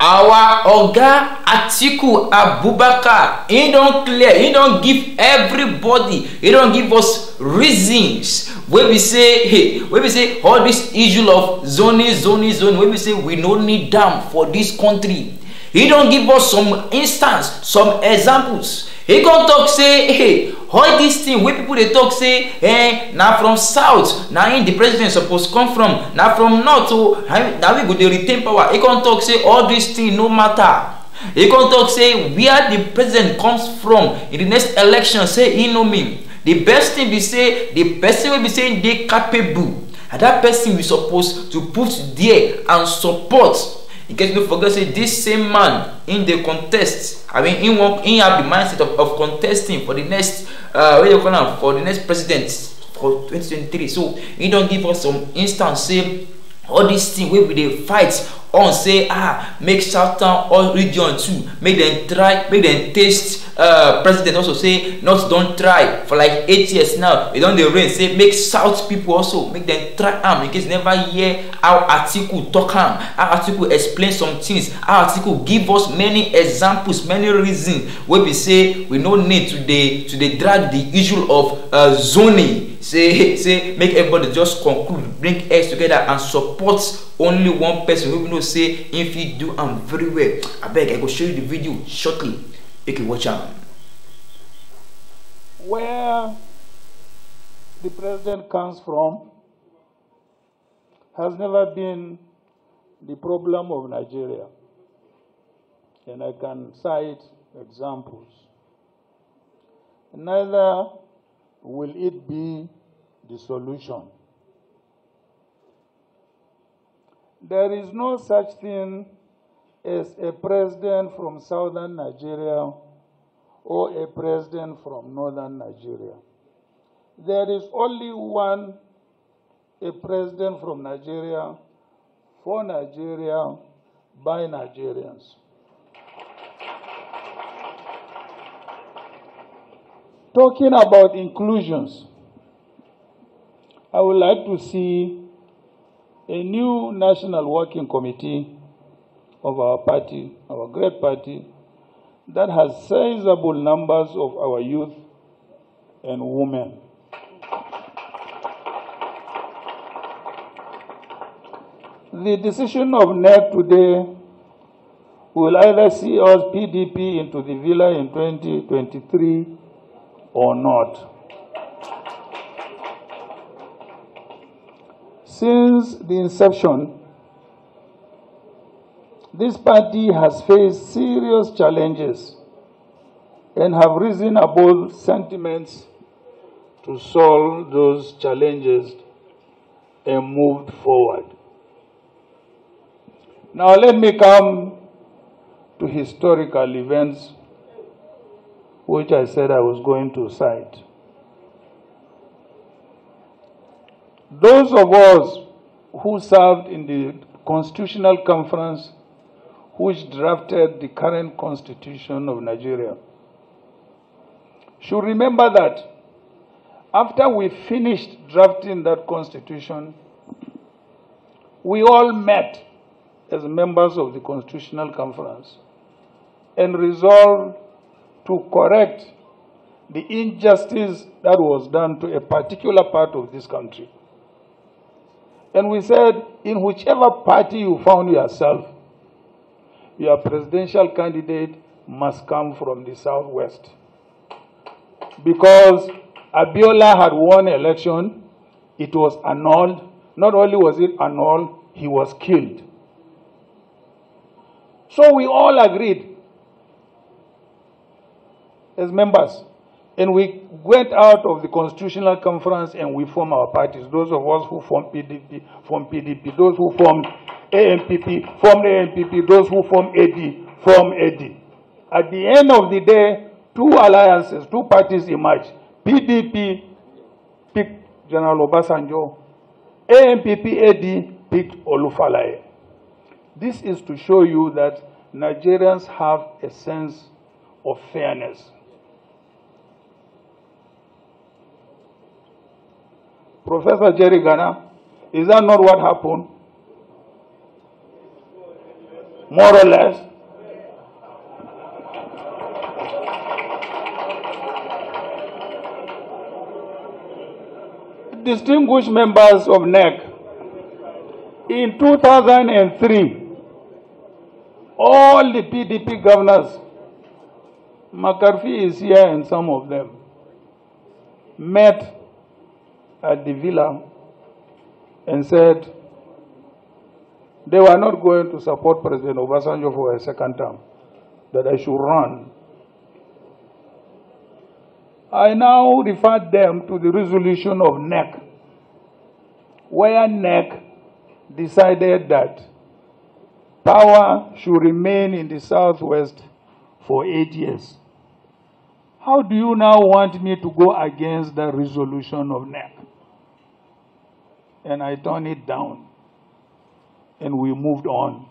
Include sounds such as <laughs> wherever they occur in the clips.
our oga atiku abubakar he don clear he don give everybody he don give us reasons wey be say hey wey be say all this issue of zoning zoning zoning wey be say we no need am for this country he don give us some instance some examples he come talk say hey all dis thing wey people dey talk say eh na from south na im the president suppose come from na from north oh na we go dey retain power he come talk say all dis thing no matter he come talk say where the president comes from in the next election say he no mean the best thing be say the person wey be saying im dey capable na that person we suppose to put there and support in case you no forget say this same man in dey contest i mean in wan in have the mindset of of contesting for the next uh, wey dey call am for the next president for 2023 so he don give us some instance say all these things wey we dey fight on say ah make satan all region too make dem try make dem taste uh, president also say north don try for like eight years now e don dey reign say make south people also make dem try am in case you never hear how article talk am how article explain some things how article give us many examples many reasons wey be say we no need to dey to dey drag the issue of uh, zoning say <laughs> say make everybody just conclude bring heads together and support only one person wey we know know say if you do am very well abeg i go show you the video shortly make you watch am. where the president comes from has never been the problem of Nigeria. And I can cite examples. Neither will it be the solution. There is no such thing as a president from southern Nigeria or a president from northern Nigeria. There is only one, a president from Nigeria, for Nigeria, by Nigerians. Talking about inclusions, I would like to see a new national working committee of our party, our great party, that has sizable numbers of our youth and women. The decision of NEC today will either see us PDP into the villa in 2023 or not. Since the inception, this party has faced serious challenges and have risen above sentiments to solve those challenges and moved forward. Now let me come to historical events which I said I was going to cite. Those of us who served in the Constitutional Conference, which drafted the current constitution of Nigeria, should remember that after we finished drafting that constitution, we all met as members of the Constitutional Conference and resolved to correct the injustice that was done to a particular part of this country. And we said, in whichever party you found yourself, your presidential candidate must come from the southwest. Because Abiola had won election, it was annulled. Not only was it annulled, he was killed. So we all agreed as members and we went out of the constitutional conference and we formed our parties. Those of us who formed PDP formed PDP. Those who formed AMPP formed AMPP. Those who formed AD formed AD. At the end of the day, two alliances, two parties emerged. PDP picked General Obasanjo. AMPP AD picked Olufalaye. This is to show you that Nigerians have a sense of fairness. Professor Jerry Ghana, is that not what happened? More or less. Distinguished members of NEC, in 2003, all the PDP governors, McCarthy is here and some of them, met at the villa and said they were not going to support President Obasanjo for a second term, that I should run. I now referred them to the resolution of NEC, where NEC decided that power should remain in the southwest for eight years. How do you now want me to go against the resolution of NEC? and I turned it down. And we moved on.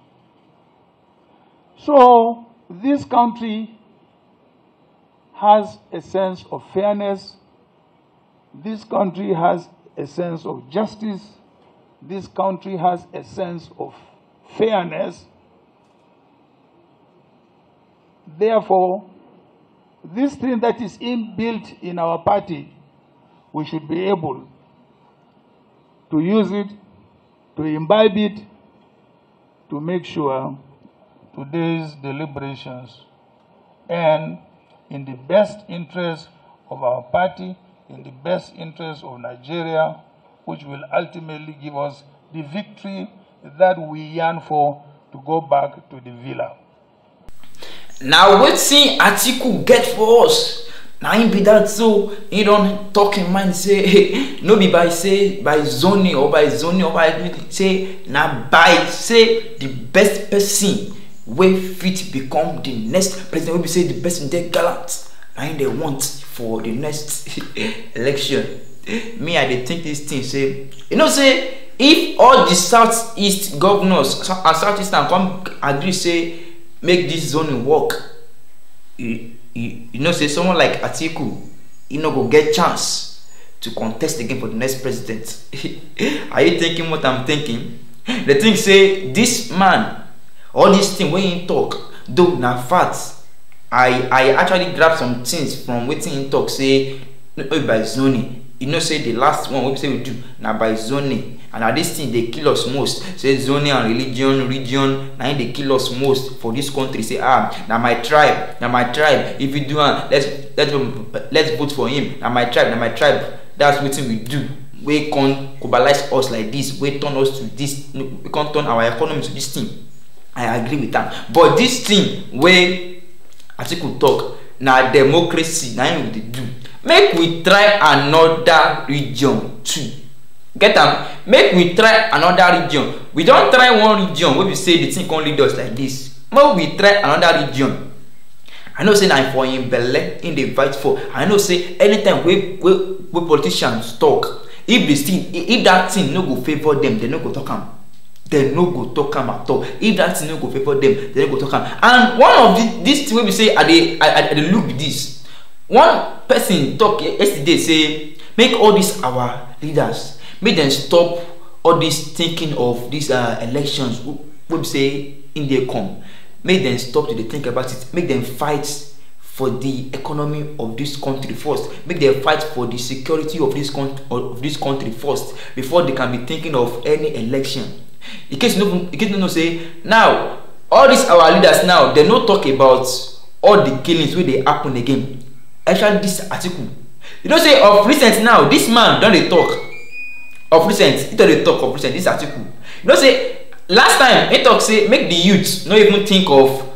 So, this country has a sense of fairness. This country has a sense of justice. This country has a sense of fairness. Therefore, this thing that is inbuilt in our party, we should be able to use it, to imbibe it, to make sure today's deliberations and in the best interest of our party, in the best interest of Nigeria, which will ultimately give us the victory that we yearn for to go back to the villa. Now, what's see Atiku get for us? na him be that so he don talk him mind say no be by say by zoning or by zoning or by anything say na by say the best person wey fit become the next president wey be say the person dey gallant na him dey want for the next <laughs> election me i dey think this thing say you know say if all the southeast governors and southeastern come agree say make this zoning work e you, you know say someone like atiku he no go get chance to contest again for the next president <laughs> are you thinking what i'm thinking the thing say this man all this thing wey he talk though na fact i i actually grab some things from wetin he talk say no be oh, by zoning you know say the last one wey be say we do na by zoning and na this thing dey kill us most say zoning and religion region na im dey kill us most for this country say ah na my tribe na my tribe if you do am let's let's let's vote for him na my tribe na my tribe that's wetin we do wey con cobalize us like this. wey turn us to this. wey con turn our economy to this thing i agree with am but this thing wey atiku talk na democracy na im we dey do make we try another region too get am make we try another region we don try one region wey be say the thing come lead us like this. make we try another region i know say na for him belle im dey fight for i know say anytime wey politicians talk, if the thing if that thing no go favour them, they no go talk am They no go talk am at all if that thing no go favour them, they no go talk am and one of dis tin wey be say i dey look this, one person talk yesterday say make all dis our leaders make dem stop all dis thinking of dis uh, elections wey be say in dey come make dem stop to dey think about it make dem fight for di economy of dis country first make dem fight for di security of dis country first before they can be thinking of any election in case you no know say now all dis our leaders now dem no talk about all di killings wey dey happen again actually dis article you know say of recent now dis man don dey tok of recent e don dey talk of recent This article you know say last time e talk say make the youth no even think of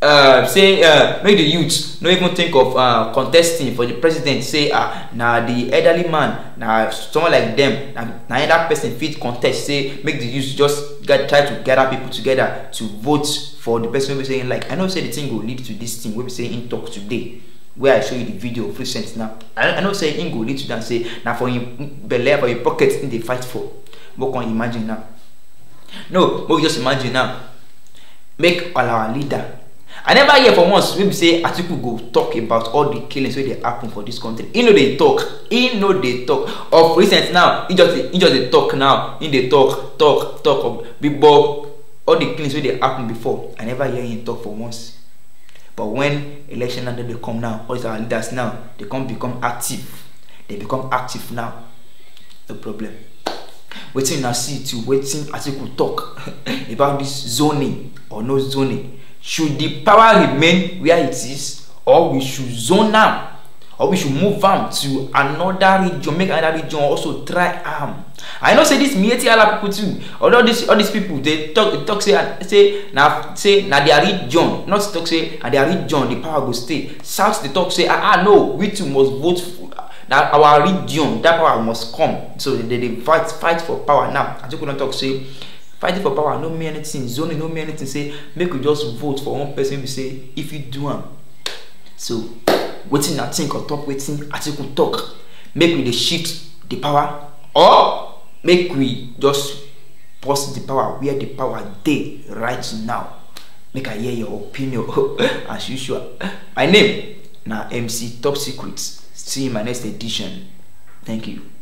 uh, say uh, make the youth no even think of uh, contesting for the president say uh, na the elderly man na someone like them na na elder person fit contest say make the youth just get, try to gather people together to vote for the person wey be saying. like i know say the thing go lead to this thing wey be saying him talk today where I show you the video of recent now. I, I know say him go lead to them say now for him belle for him pocket in they fight for. What can imagine now? No, but just imagine now. Make all our leader. I never hear for once we say Atiku go talk about all the killings where they happen for this country. He know they talk. He know they talk. Of recent now, he just he just they talk now. He they talk, talk, talk of Big All the killings where they happen before. I never hear him talk for once. But when election and they come now, all our leaders now, they come become active. They become active now. No problem. Waiting now see to waiting article talk <laughs> about this zoning or no zoning. Should the power remain where it is or we should zone out or we should move am to another region make another region also try am i know say this miyetti allah people too although this all these people dey talk dey talk say say na say na their region not talk say na their region the power go stay south dey talk say ah ah no we too must vote for na our region that power must come so they dey fight fight for power now atiku don talk say fighting for power no mean anything zoning no mean anything say make we just vote for one person be say if you do am so wetin natinko talk wetin atiku talk make we dey shift the power or make we just pause the power where the power dey right now make i hear your opinion <laughs> as usual my name na mc top secret see you in my next edition thank you.